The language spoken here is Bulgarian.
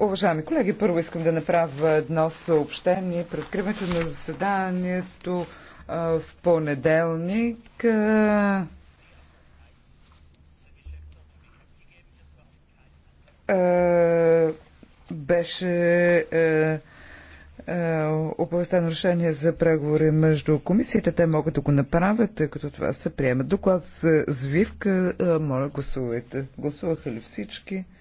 Уважаеми колеги, първо искам да направя едно съобщение. пред откриването на заседанието в понеделник беше е, оповестено решение за преговори между комисиите. Те могат да го направят, тъй като това се приема. Доклад за звивка. Е, моля, гласувайте. Гласуваха ли всички?